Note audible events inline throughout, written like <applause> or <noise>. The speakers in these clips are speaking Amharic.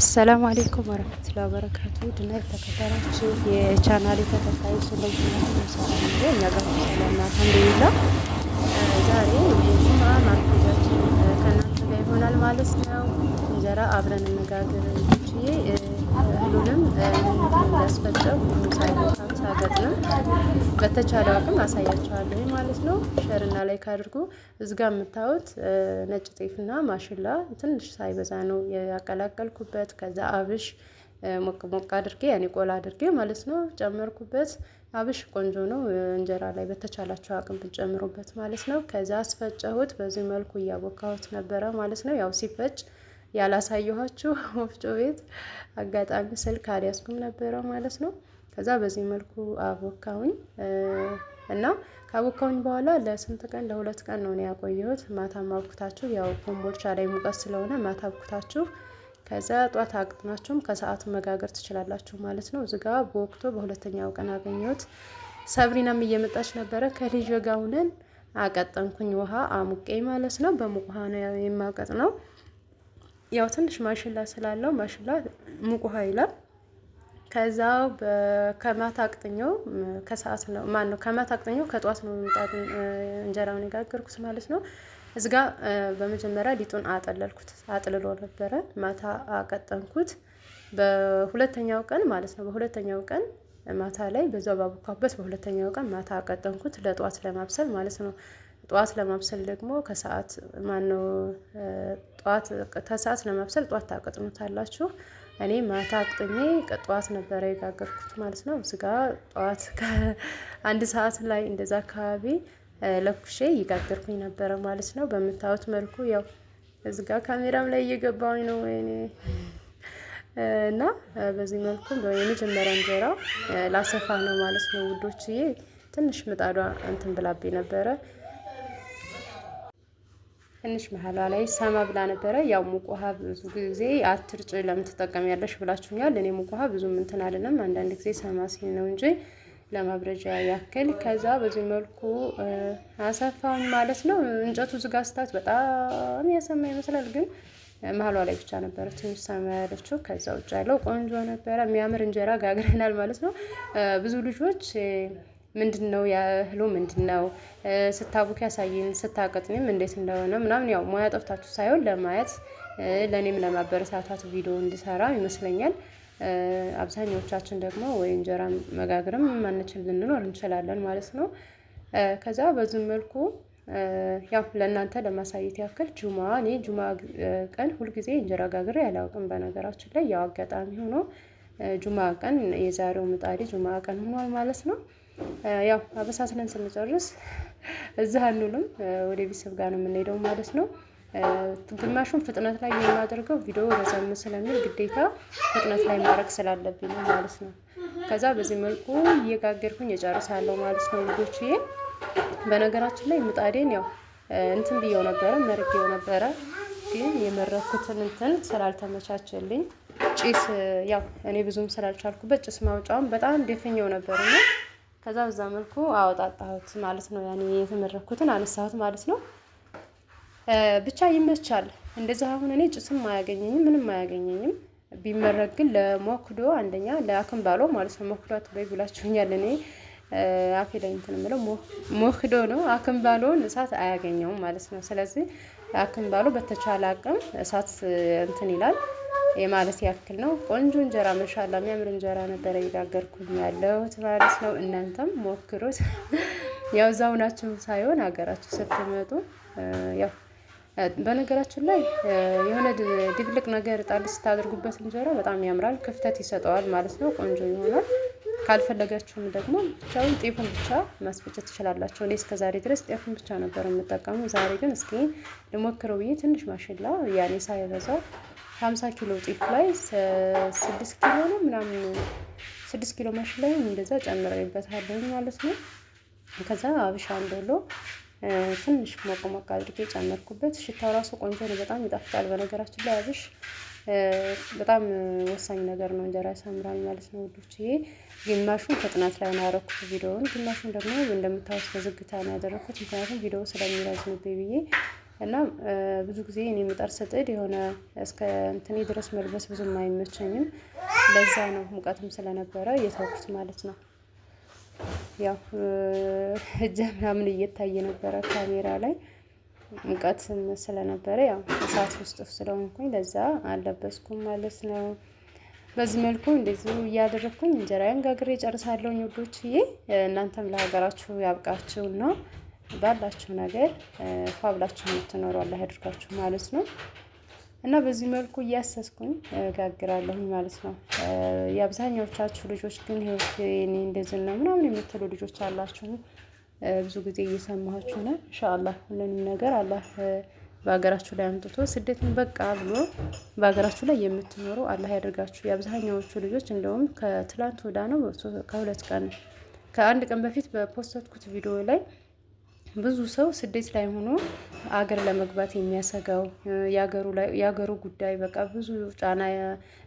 አሰላሙ አሌይኩም ወረህመቱላሂ ወበረካቱ ድና የተከበራችሁ የቻናሌ ተከታዮች እንደምናችሁ እኛ ጋር ሰላም ነው አልሐምዱሊላህ። ዛሬ ጁማ ማርኬጃችን ከእናንተ ጋር ይሆናል ማለት ነው። እንጀራ አብረን እንጋገር ችዬ ሁሉንም ያስፈጨው ሳይነካም ሳገጥንም በተቻለ አቅም አሳያቸዋለሁ ማለት ነው። ሸርና ላይ ካድርጉ እዚጋ የምታዩት ነጭ ጤፍና ማሽላ ትንሽ ሳይበዛ ነው ያቀላቀልኩበት። ከዛ አብሽ ሞቅ ሞቅ አድርጌ ያኔ ቆላ አድርጌ ማለት ነው ጨመርኩበት። አብሽ ቆንጆ ነው እንጀራ ላይ በተቻላቸው አቅም ብትጨምሩበት ማለት ነው። ከዛ አስፈጨሁት። በዚህ መልኩ እያቦካሁት ነበረ ማለት ነው ያው ሲፈጭ ያላሳየኋችሁ <laughs> ወፍጮ ቤት አጋጣሚ ስልክ አልያዝኩም ነበረው ማለት ነው። ከዛ በዚህ መልኩ አቦካውኝ እና ካቦካውኝ በኋላ ለስንት ቀን ለሁለት ቀን ነው ያቆየሁት። ማታ ማብኩታችሁ ያው ኮምቦልቻ ላይ ሙቀት ስለሆነ ማታ አብኩታችሁ ከዛ ጧት አቅጥናችሁም ከሰዓቱ መጋገር ትችላላችሁ ማለት ነው። እዚጋ በወቅቶ በሁለተኛው ቀን አገኘሁት። ሰብሪናም እየመጣች ነበረ ከልጅ ጋር ሁነን አቀጠንኩኝ። ውሃ አሙቄ ማለት ነው። በሙቅ ውሃ ነው የማቀጥ ነው። ያው ትንሽ ማሽላ ስላለው ማሽላ ሙቁ ይላል። ከዛ ከማታ አቅጥኘው ከሰዓት ነው ማን ነው ከማታ አቅጥኘው ከጧት ነው ምጣድ እንጀራውን የጋገርኩት ማለት ነው። እዚህ በመጀመሪያ ሊጡን አጠለልኩት። አጥልሎ ነበረ ማታ አቀጠንኩት። በሁለተኛው ቀን ማለት ነው። በሁለተኛው ቀን ማታ ላይ በዛው ባቦካበት በሁለተኛው ቀን ማታ አቀጠንኩት ለጧት ለማብሰል ማለት ነው። ጠዋት ለማብሰል ደግሞ ከሰዓት ማነው ጠዋት ከሰዓት ለማብሰል ጠዋት ታቀጥኑታላችሁ። እኔ ማታ አቅጥሜ ጠዋት ነበረ የጋገርኩት ማለት ነው። ስጋ ጠዋት አንድ ሰዓት ላይ እንደዛ አካባቢ ለኩሼ እየጋገርኩኝ ነበረ ማለት ነው። በምታዩት መልኩ ያው እዚ ካሜራም ላይ እየገባኝ ነው ወይኔ እና በዚህ መልኩ የመጀመሪያ እንጀራ ላሰፋ ነው ማለት ነው ውዶችዬ። ትንሽ ምጣዷ እንትን ብላቤ ነበረ ትንሽ መሀሏ ላይ ሰማ ብላ ነበረ። ያው ሙቅ ውሃ ብዙ ጊዜ አትርጭ ለምን ትጠቀሚያለሽ ብላችሁኛል። እኔ ሙቅ ውሃ ብዙም እንትን አይደለም፣ አንዳንድ ጊዜ ሰማ ሲል ነው እንጂ ለማብረጃ ያክል። ከዛ በዚህ መልኩ አሰፋም ማለት ነው። እንጨቱ ዝጋ ስታት በጣም ያሰማ ይመስላል፣ ግን መሀሏ ላይ ብቻ ነበረ ትንሽ ሰማ ያለችው። ከዛ ውጭ ያለው ቆንጆ ነበረ። የሚያምር እንጀራ ጋግረናል ማለት ነው። ብዙ ልጆች ምንድን ነው ያህሉ ምንድን ነው ስታቡክ ያሳይን ስታቀጥኝም እንዴት እንደሆነ ምናምን ያው ሙያ ጠፍታችሁ ሳይሆን ለማየት ለእኔም ለማበረታታት ቪዲዮ እንዲሰራ ይመስለኛል። አብዛኛዎቻችን ደግሞ ወይ እንጀራ መጋግርም ማንችል ልንኖር እንችላለን ማለት ነው። ከዛ በዚህ መልኩ ያው ለእናንተ ለማሳየት ያክል ጁማ እኔ ጁማ ቀን ሁልጊዜ እንጀራ ጋግሬ አላውቅም። በነገራችን ላይ ያው አጋጣሚ ሆኖ ጁማ ቀን የዛሬው ምጣዴ ጁማ ቀን ሆኗል ማለት ነው። ያው አበሳስነን ስንጨርስ እዛ አንሉም፣ ወደ ቤተሰብ ጋር ነው የምንሄደው ማለት ነው። ግማሹን ፍጥነት ላይ የማደርገው ቪዲዮ ረዘም ስለሚል ግዴታ ፍጥነት ላይ ማድረግ ስላለብኝ ነው ማለት ነው። ከዛ በዚህ መልኩ እየጋገርኩኝ እጨርሳለሁ ማለት ነው ልጆችዬ። በነገራችን ላይ ምጣዴን ያው እንትን ብየው ነበረ መርጌው ነበረ ግን የመረኩትን እንትን ስላልተመቻቸልኝ ጭስ ያው እኔ ብዙም ስላልቻልኩበት ጭስ ማውጫውን በጣም ደፈኛው ነበር ነው ከዛ በዛ መልኩ አወጣጣሁት ማለት ነው። ያኔ የተመረኩትን አነሳሁት ማለት ነው። ብቻ ይመቻል። እንደዛ አሁን እኔ ጭስም አያገኘኝም፣ ምንም አያገኘኝም። ቢመረቅ ግን ለሞክዶ አንደኛ ባሎ ማለት ነው። ሞክዶ አትበይ ብላችሁኛል። እኔ አፌ ላይ እንትን የምለው ሞክዶ ነው። ባሎን እሳት አያገኘውም ማለት ነው። ስለዚህ ባሎ በተቻለ አቅም እሳት እንትን ይላል። ማለት ያክል ነው። ቆንጆ እንጀራ መሻላ የሚያምር እንጀራ ነበረ የጋገርኩኝ ያለሁት ማለት ነው። እናንተም ሞክሩት። <laughs> ያው እዛው ናችሁ ሳይሆን ሀገራችሁ ስትመጡ ያው በነገራችን ላይ የሆነ ድብልቅ ነገር ጣል ስታደርጉበት እንጀራ በጣም ያምራል፣ ክፍተት ይሰጠዋል ማለት ነው። ቆንጆ ይሆናል። ካልፈለጋችሁም ደግሞ ብቻውን ጤፉን ብቻ ማስፈጨት ትችላላችሁ። እኔ እስከዛሬ ድረስ ጤፉን ብቻ ነበር የምጠቀሙ። ዛሬ ግን እስኪ ልሞክረው ብዬ ትንሽ ማሽላ ያኔ ሳይበዛ ሀምሳ ኪሎ ጤፍ ላይ ስድስት ኪሎ ነው ምናምን ስድስት ኪሎ ማሽን ላይ እንደዛ ጨምሬበታለሁ ማለት ነው። ከዛ አብሻ እንደሎ ትንሽ ሞቅ አድርጌ ጨመርኩበት። ሽታው ራሱ ቆንጆ ነው፣ በጣም ይጣፍጣል። በነገራችን ላይ አብሽ በጣም ወሳኝ ነገር ነው፣ እንጀራ ያሳምራል ማለት ነው ውዶች። ይሄ ግማሹን ፍጥነት ላይ ነው ያደረኩት ቪዲዮውን፣ ግማሹን ደግሞ እንደምታወስ በዝግታ ነው ያደረኩት፣ ምክንያቱም ቪዲዮ ስለሚረዝምብኝ ብዬ እና ብዙ ጊዜ እኔ ምጣድ ስጥድ የሆነ እስከ እንትኔ ድረስ መልበስ ብዙም አይመቸኝም። ለዛ ነው ሙቀትም ስለነበረ የተውኩት ማለት ነው። ያው እጀ ምናምን እየታየ ነበረ ካሜራ ላይ ሙቀትም ስለነበረ ያው እሳት ውስጥ ስለሆንኩኝ ለዛ አለበስኩም ማለት ነው። በዚህ መልኩ እንደዚሁ እያደረግኩኝ እንጀራዬን ጋግሬ ጨርሳለሁኝ ውዶችዬ። እናንተም ለሀገራችሁ ነው። ባላችሁ ነገር ፋብላችሁ የምትኖሩ አላህ ያድርጋችሁ ማለት ነው። እና በዚህ መልኩ እያሰስኩኝ ጋግራለሁኝ ማለት ነው። የአብዛኛዎቻችሁ ልጆች ግን እኔ እንደዚህ ነው ምናምን የምትሉ ልጆች አላችሁ። ብዙ ጊዜ እየሰማችሁ ነ ኢንሻአላህ ሁሉንም ነገር አላህ በሀገራችሁ ላይ አምጥቶ ስደትን በቃ ብሎ በሀገራችሁ ላይ የምትኖሩ አላህ ያደርጋችሁ። የአብዛኛዎቹ ልጆች እንደውም ከትላንት ወዳ ነው ከሁለት ቀን ከአንድ ቀን በፊት በፖስተትኩት ቪዲዮ ላይ ብዙ ሰው ስደት ላይ ሆኖ አገር ለመግባት የሚያሰጋው የአገሩ ጉዳይ በቃ ብዙ ጫና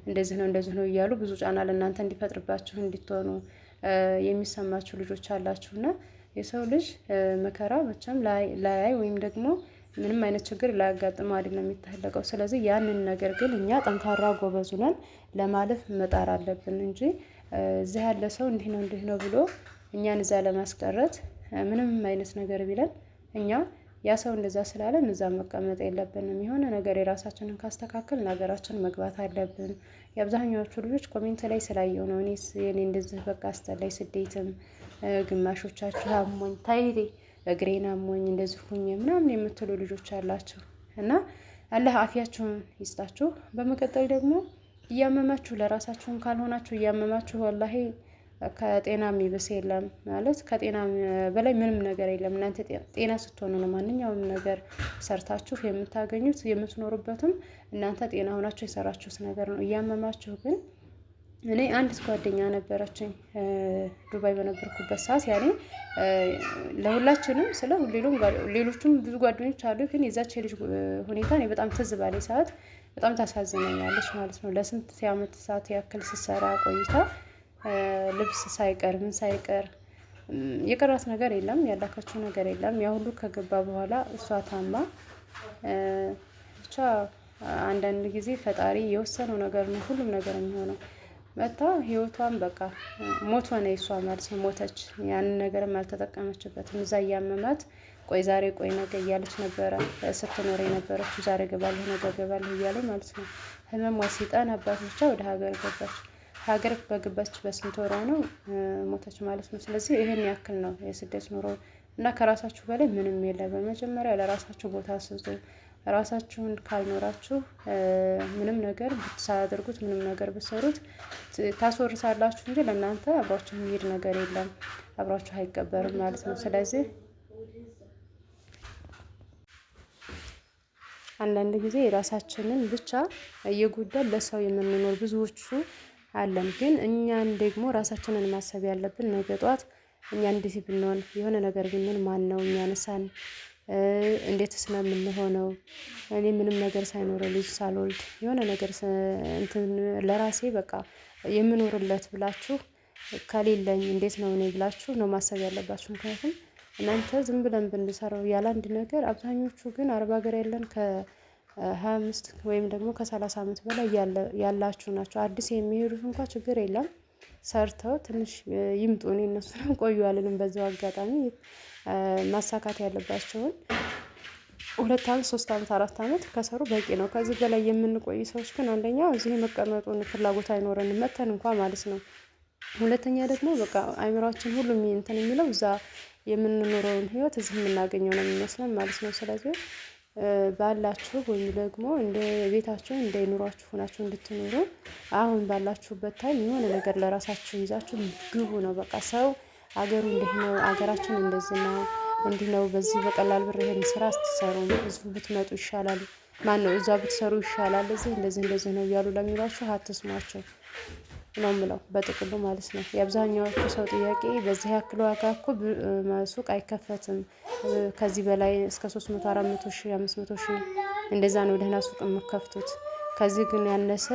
እንደዚህ ነው እንደዚህ ነው እያሉ ብዙ ጫና ለእናንተ እንዲፈጥርባችሁ እንድትሆኑ የሚሰማችሁ ልጆች አላችሁ እና የሰው ልጅ መከራ መቼም ላያይ ወይም ደግሞ ምንም አይነት ችግር ላያጋጥመው አይደለም የሚታለቀው። ስለዚህ ያንን ነገር ግን እኛ ጠንካራ ጎበዝ ለማለፍ መጣር አለብን እንጂ እዚህ ያለ ሰው እንዲህ ነው እንዲህ ነው ብሎ እኛን እዛ ለማስቀረት ምንም አይነት ነገር ቢለን እኛ ያ ሰው እንደዛ ስላለ እዛ መቀመጥ የለብንም። የሆነ ነገር የራሳችንን ካስተካከል ነገራችን መግባት አለብን። የአብዛኛዎቹ ልጆች ኮሜንት ላይ ስላየው ነው እኔ የኔ እንደዚህ በቃ አስጠላይ ስደትም ግማሾቻችሁ አሞኝ ታይቴ እግሬን አሞኝ እንደዚህ ሁኝ ምናምን የምትሉ ልጆች አላችሁ እና አላህ አፊያችሁን ይስጣችሁ። በመቀጠል ደግሞ እያመማችሁ ለራሳችሁን ካልሆናችሁ እያመማችሁ ወላሄ ከጤና የሚብስ የለም ማለት ከጤና በላይ ምንም ነገር የለም። እናንተ ጤና ስትሆኑ ነው ማንኛውም ነገር ሰርታችሁ የምታገኙት የምትኖሩበትም እናንተ ጤና ሆናችሁ የሰራችሁት ነገር ነው። እያመማችሁ ግን እኔ አንድ ጓደኛ ነበረችኝ ዱባይ በነበርኩበት ሰዓት ያኔ ለሁላችንም ስለ ሌሎቹም ብዙ ጓደኞች አሉ። ግን የዛች የልጅ ሁኔታ እኔ በጣም ትዝ ባለኝ ሰዓት በጣም ታሳዝነኛለች ማለት ነው። ለስንት ዓመት ሰዓት ያክል ስትሰራ ቆይታ ልብስ ሳይቀር ምን ሳይቀር የቀራት ነገር የለም፣ ያላከችው ነገር የለም። ያ ሁሉ ከገባ በኋላ እሷ ታማ ብቻ አንዳንድ ጊዜ ፈጣሪ የወሰነው ነገር ነው ሁሉም ነገር የሚሆነው። መታ ህይወቷን በቃ ሞት ሆነ የእሷ ማለት ነው። ሞተች። ያንን ነገርም አልተጠቀመችበትም። እዛ እያመማት ቆይ ዛሬ ቆይ ነገ እያለች ነበረ ስትኖር የነበረችው። ዛሬ ገባለሁ ነገ ገባለሁ እያለ ማለት ነው። ህመሟ ሲጠናባት ብቻ ወደ ሀገር ገባች። ሀገር በገባች በስንት ወሯ ነው ሞተች ማለት ነው። ስለዚህ ይህን ያክል ነው የስደት ኑሮ እና ከራሳችሁ በላይ ምንም የለ። በመጀመሪያ ለራሳችሁ ቦታ ስጡ። ራሳችሁን ካልኖራችሁ ምንም ነገር ብትሳያደርጉት ምንም ነገር ብትሰሩት ታስወርሳላችሁ እንጂ ለእናንተ አብሯችሁ የሚሄድ ነገር የለም፣ አብሯችሁ አይቀበርም ማለት ነው። ስለዚህ አንዳንድ ጊዜ የራሳችንን ብቻ እየጎዳን ለሰው የምንኖር ብዙዎቹ አለን። ግን እኛን ደግሞ ራሳችንን ማሰብ ያለብን ነገ ጠዋት እኛ እንዴት ብንሆን የሆነ ነገር ብንል ማን ነው እኛን እንዴት እንዴትስ ነው የምንሆነው? እኔ ምንም ነገር ሳይኖረው ልጅ ሳልወልድ የሆነ ነገር እንትን ለራሴ በቃ የምኖርለት ብላችሁ ከሌለኝ እንዴት ነው እኔ ብላችሁ ነው ማሰብ ያለባችሁ። ምክንያቱም እናንተ ዝም ብለን ብንሰራው ያለ አንድ ነገር አብዛኞቹ ግን አረብ ሀገር ያለን ከ ሀያ አምስት ወይም ደግሞ ከሰላሳ ዓመት በላይ ያላችሁ ናቸው። አዲስ የሚሄዱት እንኳ ችግር የለም ሰርተው ትንሽ ይምጡ። እኔ እነሱንም ቆዩ አልልም። በዚው አጋጣሚ ማሳካት ያለባቸውን ሁለት አመት ሶስት አመት አራት ዓመት ከሰሩ በቂ ነው። ከዚህ በላይ የምንቆይ ሰዎች ግን አንደኛ እዚህ የመቀመጡን ፍላጎት አይኖረን መተን እንኳ ማለት ነው። ሁለተኛ ደግሞ በቃ አይምሯችን ሁሉ እንትን የሚለው እዛ የምንኖረውን ህይወት እዚህ የምናገኘው ነው የሚመስለን ማለት ነው። ስለዚህ ባላችሁ ወይም ደግሞ እንደ ቤታችሁ እንደ ኑሯችሁ ሆናችሁ እንድትኖሩ አሁን ባላችሁበት ታይም የሆነ ነገር ለራሳችሁ ይዛችሁ ግቡ ነው። በቃ ሰው አገሩ እንዲህ ነው፣ አገራችን እንደዚህ ነው፣ እንዲህ ነው። በዚህ በቀላል ብር ይሄን ስራ ስትሰሩ እዚሁ ብትመጡ ይሻላል፣ ማን ነው እዛ ብትሰሩ ይሻላል፣ እዚህ እንደዚህ እንደዚህ ነው እያሉ ለሚሏችሁ አትስሟቸው። ነው ምለው በጥቅሉ ማለት ነው። የአብዛኛዎቹ ሰው ጥያቄ በዚህ ያክል ዋጋ እኮ ሱቅ አይከፈትም፣ ከዚህ በላይ እስከ 300፣ 400 ሺህ፣ 500 ሺህ እንደዛ ነው ደህና ሱቅ የምከፍቱት፣ ከዚህ ግን ያነሰ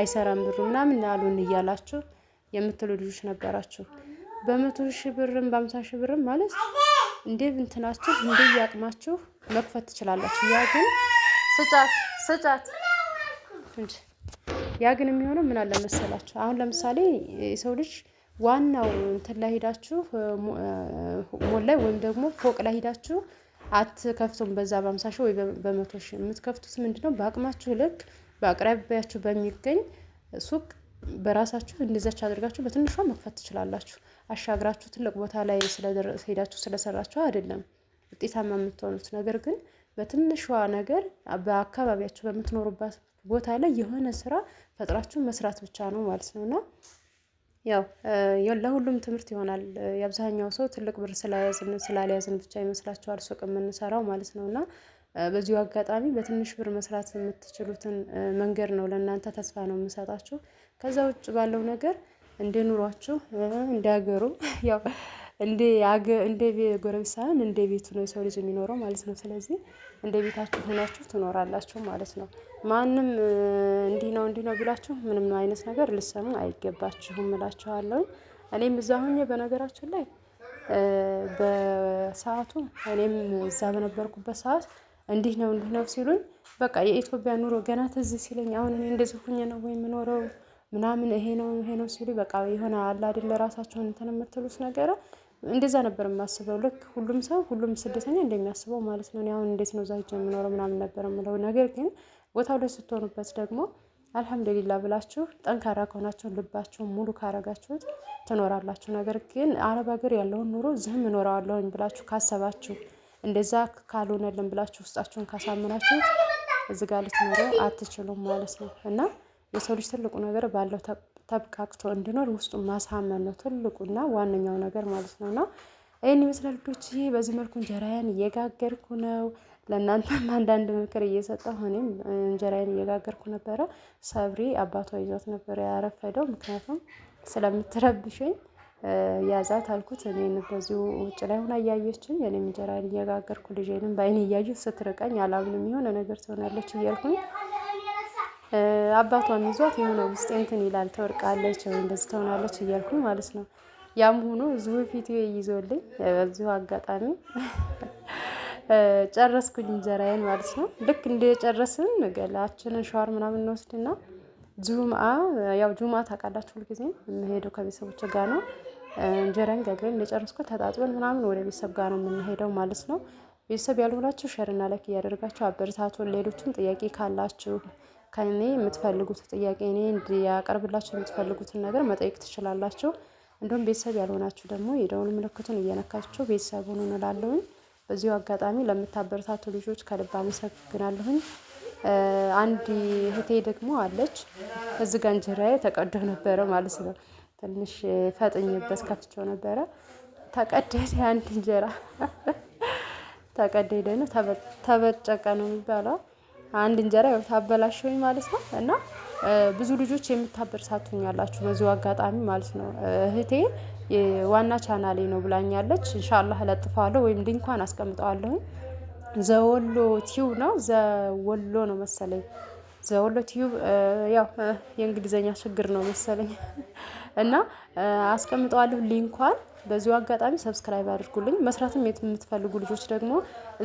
አይሰራም ብሩ ምናምን አሉን እያላችሁ የምትሉ ልጆች ነበራችሁ። በመቶ ሺ ብርም በአምሳ ሺህ ብርም ማለት እንዴ እንትናችሁ እንዴ እያቅማችሁ መክፈት ትችላላችሁ። ያ ግን ስጫት ስጫት እንጂ ያ ግን የሚሆነው ምን አለ መሰላችሁ አሁን ለምሳሌ የሰው ልጅ ዋናው እንትን ላይ ሄዳችሁ ሞል ላይ ወይም ደግሞ ፎቅ ላይ ሄዳችሁ አትከፍቱም። በዛ በአምሳ ሺህ ወይ በመቶ ሺህ የምትከፍቱት ምንድነው? በአቅማችሁ ልክ በአቅራቢያችሁ በሚገኝ ሱቅ በራሳችሁ እንደዛች አድርጋችሁ በትንሿ መክፈት ትችላላችሁ። አሻግራችሁ ትልቅ ቦታ ላይ ሄዳችሁ ስለሰራችሁ አይደለም ውጤታማ የምትሆኑት ነገር ግን በትንሿ ነገር በአካባቢያችሁ በምትኖሩበት ቦታ ላይ የሆነ ስራ ፈጥራችሁ መስራት ብቻ ነው ማለት ነው እና ያው ለሁሉም ትምህርት ይሆናል። የአብዛኛው ሰው ትልቅ ብር ስለያዝን ስላልያዝን ብቻ ይመስላችኋል ሱቅ የምንሰራው ማለት ነው እና በዚሁ አጋጣሚ በትንሽ ብር መስራት የምትችሉትን መንገድ ነው ለእናንተ ተስፋ ነው የምሰጣችሁ። ከዛ ውጭ ባለው ነገር እንደ ኑሯችሁ እንደ ሀገሩ ያው እንደ እንደ ጎረቤት ሳይሆን እንደ ቤቱ ነው የሰው ልጅ የሚኖረው ማለት ነው። ስለዚህ እንደ ቤታችሁ ሆናችሁ ትኖራላችሁ ማለት ነው። ማንም እንዲህ ነው እንዲህ ነው ብላችሁ ምንም አይነት ነገር ልሰሙ አይገባችሁም እላችኋለሁኝ። እኔም እዛ ሆኜ በነገራችን ላይ በሰዓቱ እኔም እዛ በነበርኩበት ሰዓት እንዲህ ነው እንዲህ ነው ሲሉኝ በቃ የኢትዮጵያ ኑሮ ገና ትዝ ሲለኝ አሁን እኔ እንደዚህ ሆኜ ነው ወይ የምኖረው ምናምን ይሄ ነው ይሄ ነው ሲሉ በቃ የሆነ አለ አይደል ራሳቸውን እንትን የምትሉት ነገር እንደዛ ነበር የማስበው። ልክ ሁሉም ሰው ሁሉም ስደተኛ እንደሚያስበው ማለት ነው። አሁን እንዴት ነው ዛጅ የምኖረው ምናምን ነበር የምለው። ነገር ግን ቦታው ላይ ስትሆኑበት ደግሞ አልሐምዱሊላ ብላችሁ ጠንካራ ከሆናችሁ ልባችሁን ሙሉ ካረጋችሁት ትኖራላችሁ። ነገር ግን አረብ ሀገር ያለውን ኑሮ ዝህም እኖረዋለሁኝ ብላችሁ ካሰባችሁ፣ እንደዛ ካልሆነልን ብላችሁ ውስጣችሁን ካሳምናችሁት እዚጋ ልትኖሩ አትችሉም ማለት ነው እና የሰው ልጅ ትልቁ ነገር ባለው ተብካክቶ እንዲኖር ውስጡ ማሳመን ነው ትልቁና ዋነኛው ነገር ማለት ነው። እና ይህን ይመስላል ልጆች። ይሄ በዚህ መልኩ እንጀራዬን እየጋገርኩ ነው። ለእናንተም አንዳንድ ምክር እየሰጠሁ እኔም እንጀራዬን እየጋገርኩ ነበረ። ሰብሪ አባቷ ይዟት ነበረ ያረፈደው፣ ምክንያቱም ስለምትረብሽኝ ያዛት አልኩት። እኔን በዚሁ ውጭ ላይ ሆና እያየችኝ እኔም እንጀራዬን እየጋገርኩ ልጄንም በአይን እያየሁ ስትርቀኝ አላምንም የሆነ ነገር ትሆናለች እያልኩኝ አባቷን ይዟት የሆነ ውስጥ እንትን ይላል ተወድቃለች ወይ እንደዚህ ትሆናለች እያልኩኝ ማለት ነው። ያም ሆኖ እዚሁ ፊት ይዞልኝ በዚሁ አጋጣሚ ጨረስኩኝ እንጀራዬን ማለት ነው። ልክ እንደጨረስን ገላችንን ሻወር ምናምን እንወስድና ጁምአ ያው ጁምአ ታውቃላችሁ ሁልጊዜ የምሄደው ከቤተሰቦች ጋር ነው። እንጀራን ጋግረን እንደጨረስኩ ተጣጥበን ምናምን ወደ ቤተሰብ ጋር ነው የምንሄደው ማለት ነው። ቤተሰብ ያልሆናችሁ ሸርና ላይክ እያደረጋችሁ አበረታቱን። ሌሎችም ጥያቄ ካላችሁ ከእኔ የምትፈልጉት ጥያቄ እኔ እንዲያቀርብላችሁ የምትፈልጉትን ነገር መጠየቅ ትችላላችሁ። እንዲሁም ቤተሰብ ያልሆናችሁ ደግሞ የደውል ምልክቱን እየነካችሁ ቤተሰብ ሁኑ እንላለሁኝ። በዚሁ አጋጣሚ ለምታበረታቱ ልጆች ከልብ አመሰግናለሁኝ። አንድ እህቴ ደግሞ አለች። እዚህ ጋ እንጀራዬ ተቀዶ ነበረ ማለት ነው። ትንሽ ፈጥኝበት ከፍቼው ነበረ። ተቀደደ አንድ እንጀራ ተቀደደ ነው፣ ተበጨቀ ነው የሚባለው። አንድ እንጀራ ያው ታበላሸሁኝ ማለት ነው። እና ብዙ ልጆች የምታበረታቱኝ አላችሁ በዚሁ አጋጣሚ ማለት ነው። እህቴ ዋና ቻናሌ ነው ብላኛለች። ኢንሻአላህ እለጥፈዋለሁ ወይም ሊንኳን አስቀምጠዋለሁኝ። ዘወሎ ቲዩ ነው ዘወሎ ነው መሰለኝ ዘወሎ ቲዩብ ያው የእንግሊዘኛ ችግር ነው መሰለኝ <laughs> እና አስቀምጠዋለሁ ሊንኳን። በዚሁ አጋጣሚ ሰብስክራይብ አድርጉልኝ። መስራትም የምትፈልጉ ልጆች ደግሞ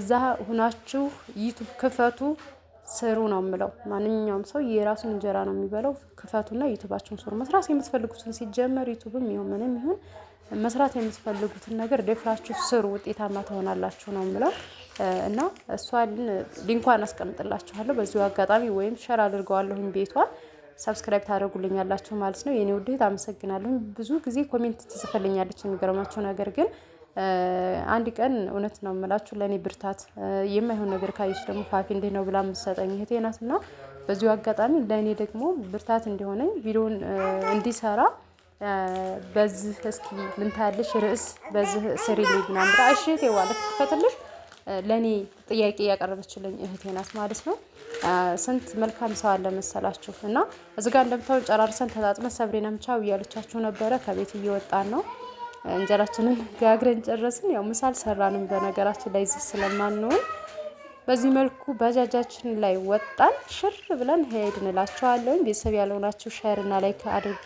እዛ ሁናችሁ ዩቱብ ክፈቱ። ስሩ ነው የምለው። ማንኛውም ሰው የራሱን እንጀራ ነው የሚበላው። ክፈቱና ዩቱባቸውን ስሩ። መስራት የምትፈልጉትን ሲጀመር ዩቱብም ይሁን ምንም ይሁን መስራት የምትፈልጉትን ነገር ደፍራችሁ ስሩ፣ ውጤታማ ትሆናላችሁ ነው የምለው እና እሷን ሊንኳን አስቀምጥላችኋለሁ በዚሁ አጋጣሚ ወይም ሸር አድርገዋለሁኝ ቤቷን ሰብስክራይብ ታደረጉልኛላችሁ ማለት ነው። የኔ ውድህት አመሰግናለሁኝ። ብዙ ጊዜ ኮሜንት ትጽፈልኛለች የሚገርማቸው ነገር ግን አንድ ቀን እውነት ነው የምላችሁ ለእኔ ብርታት የማይሆን ነገር ካየች ደግሞ ፋፊ እንዴ ነው ብላ የምትሰጠኝ እህቴ ናት እና በዚሁ አጋጣሚ ለእኔ ደግሞ ብርታት እንዲሆነኝ ቪዲዮን እንዲሰራ በዚህ እስኪ ምንታያለሽ ርዕስ በዚህ ስሪልኝ ምናምን ብላ እሺ እህቴ ዋለት ለእኔ ጥያቄ ያቀረበችልኝ እህቴ ናት ማለት ነው። ስንት መልካም ሰው አለ መሰላችሁ። እና እዚጋ እንደምታዩን ጨራርሰን ተጣጥመን ሰብሬ ነምቻው እያለቻችሁ ነበረ። ከቤት እየወጣን ነው። እንጀራችንን ጋግረን ጨረስን። ያው ምሳ አልሰራንም በነገራችን ላይ እዚህ ስለማንሆን በዚህ መልኩ ባጃጃችን ላይ ወጣን። ሽር ብለን ሄድን እላችኋለሁ። ቤተሰብ ያልሆናችሁ ሸርና ላይክ አድርጉ፣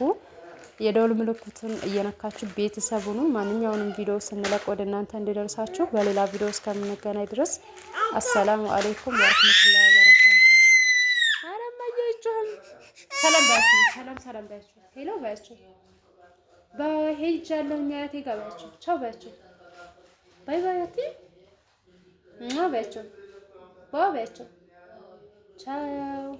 የደውል ምልክቱን እየነካችሁ ቤተሰብ ሁኑ። ማንኛውንም ቪዲዮ ስንለቅ ወደ እናንተ እንዲደርሳችሁ። በሌላ ቪዲዮ እስከምንገናኝ ድረስ አሰላሙ አሌይኩም ወረህመቱላ ሰላም ባያችሁ፣ ሰላም ሰላም ባያችሁ፣ ሄሎ ባያችሁ በሄጃለሁ አያቴ ጋር በያቸው፣ ቻው በያቸው፣ ባይ ባይ አያቴ እና በያቸው፣ ባይ በያቸው፣ ቻው